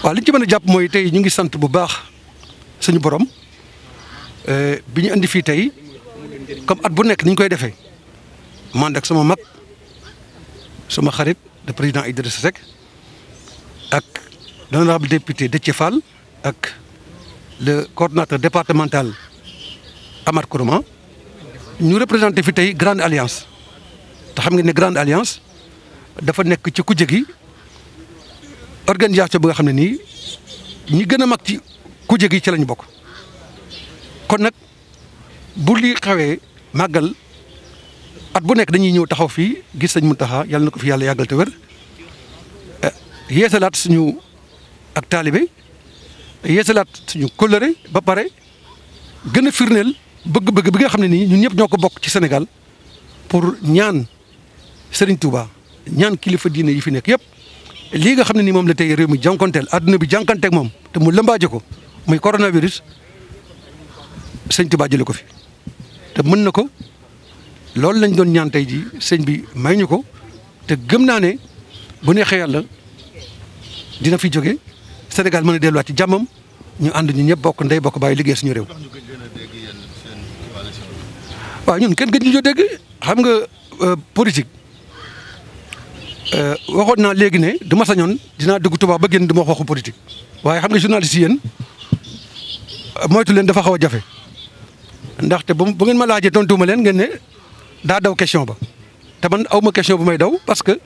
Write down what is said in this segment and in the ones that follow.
waa li ci mën a jàpp mooy tey ñu ngi sant bu baax suñu borom eh, bi ñu indi fii tey comme at bu nekk ni ñu koy defee man ak sama mag suma xarit de président Idrissa Seck ak l'honorable député ci Fall ak le coordonnateur départemental Amar Kourouma ñu représenté fi tey Grande Alliance te xam nga ne Grande Alliance dafa nekk ci kujje gi organisation bi nga xam ne nii ñi gën a mag ci ku jegi ci lañ bokk kon nag bu li xawee màggal at bu nekk dañuy ñëw taxaw fii gis mu Muntaxa yàlla na ko fi yàlla yàggal te wér eh, yeesalaat suñu ak taalibe yeesalaat suñu kóllëre ba pare gën a firndeel bëgg-bëgg bi xam ne nii ñun ñëpp ñoo ko bokk ci senegal pour ñaan sëriñ Touba ñaan kilifa diine yi fi nekk yëpp. lii nga xam ne nii moom la tey réew mi jànkanteel adduna bi jànkonteeg moom te mu lëmbaaje ko muy coronavirus sëñ Tuubaa jële ko fi te mën na ko loolu lañ doon ñaan tey ji sëñ bi may ñu ko te gëm naa ne bu neexee yàlla dina fi jóge Sénégal mën a delluwaat ci jàmmam ñu ànd ñu ñëpp bokk ndey bokk bàyyi liggéey suñu réew. waaw ñun kenn gëj ñu joo dégg xam nga euh, politique. Euh, waxoon naa léegi ne dama sañoon dinaa dugg Touba ba génn dama wax waxu politique waaye xam nga journaliste yi yéen moytu leen dafa xaw a jafe ndaxte ba ngeen ma laajee tontuuma leen ngeen ne daa daw question ba te man aw ma question bu may daw parce que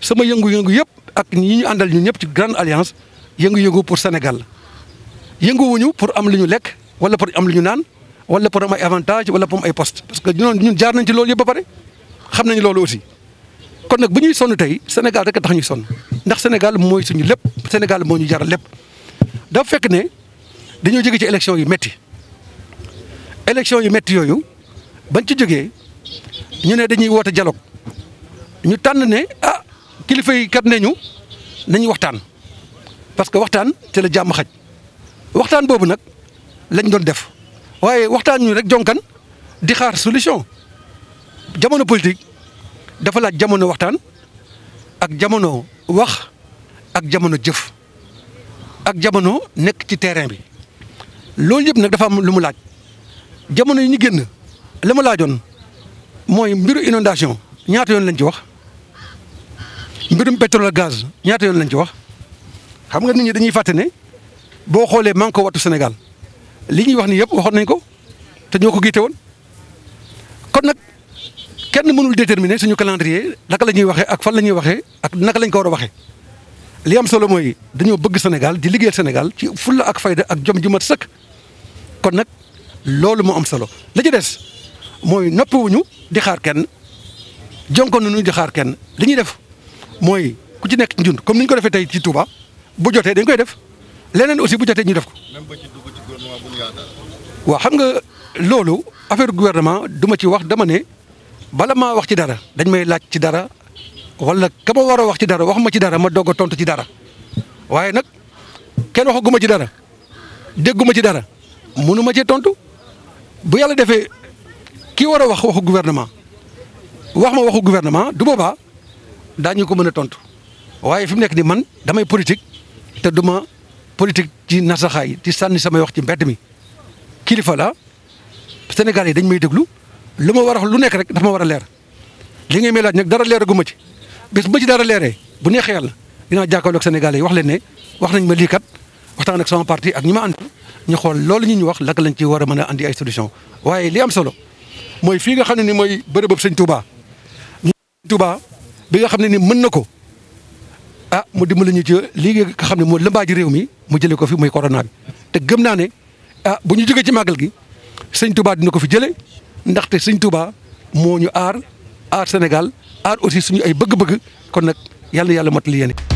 sama yëngu-yëngu yëpp ak ñi ñu àndal ñun ñëpp ci grande alliance yëngu-yëngu pour Sénégal yënguwuñu pour am lu lekk wala pour am lu naan wala pour am ay avantage wala pour am ay post parce que ñun ñun jaar nañ ci loolu yëpp ba pare xam nañ loolu aussi. kon nag bu ñuy sonn tey Sénégal rek a tax ñuy sonn ndax Sénégal mooy suñu lépp Sénégal moo ñu jaral lépp dafa fekk ne dañoo jóge ci élection yu métti élection yu métti yooyu bañ ci jógee ñu ne dañuy woote dialogue ñu tànn ne ah kilifa yi kat ne ñu nañu waxtaan parce que waxtaan ci la jàmm xaj waxtaan boobu nag lañ doon def waaye waxtaan ñu rek jonkan di xaar solution jamono politique. dafa laaj jamono waxtaan ak jamono wax ak jamono jëf ak jamono nekk ci terrain bi loolu yëpp nag dafa am lu mu laaj jamono yi ñu génn la ma laajoon mooy mbiru inondation ñaata yoon lañ ci wax mbirum pétrole gaz ñaata yoon lañ ci wax xam nga nit ñi dañuy fàtte boo xoolee man ko wattu Sénégal li ñuy wax ni yëpp waxoon nañ ko te ñoo ko giite woon kon nag kenn mënul déterminer suñu calendrier naka la ñuy waxee ak fan la ñuy waxee ak naka lañ ko war a waxee li am solo mooy dañoo bëgg Sénégal di liggéeyal Sénégal ci fulla ak fayda ak jom ju mat sëkk kon nag loolu moo am solo la ci des mooy noppiwuñu di xaar kenn jonkoon nañu di xaar kenn li ñuy def mooy ku ci nekk njun comme ni ñu ko defee tey ci Touba bu jotee dañ koy def leneen aussi bu jotee ñu def ko. même ba xam nga loolu affaire gouvernement duma ma ci wax dama bala maa wax ci dara dañ may laaj ci dara wala ka ma war a wax ci dara wax ma ci dara ma doog a tontu ci dara waaye nag kenn waxaguma ci dara dégguma ci dara mënu ma cee tontu bu yàlla defee ki war a wax waxu gouvernement wax ma waxu gouvernement du boobaa daañu ko mën a tontu waaye fi nekk ni man damay politique te du ma politique ci nasaxaay ci sànni samay wax ci mbedd mi kilifa la Sénégal yi dañ may déglu. lu ma war a lu nekk rek dafa ma war a leer li ngay may laaj nag dara leer gu ma ci bés bu ci dara leeree bu neexee yàlla dinaa jàkkaarloo ak sénégalais wax leen ne wax nañ ma lii kat waxtaan ak sama parti ak ñi ma ànd ñu xool loolu ñu ñu wax lakk lañ ci war a mën a andi ay solution waaye li am solo mooy fii nga xam ne ni mooy bërëbëb sëñ Touba ñu Touba bi nga xam ne ni mën na ko ah mu dimbali ñu ci lii nga xam ne moo lëmbaaji réew mi mu jëlee ko fi muy corona bi te gëm naa ne ah bu ñu jógee ci màggal gi sëñ dina ko fi jëlee ndaxte sëñ Touba moo ñu aar aar Sénégal aar aussi suñu ay bëgg-bëgg kon nag yàlla yàlla motali yéen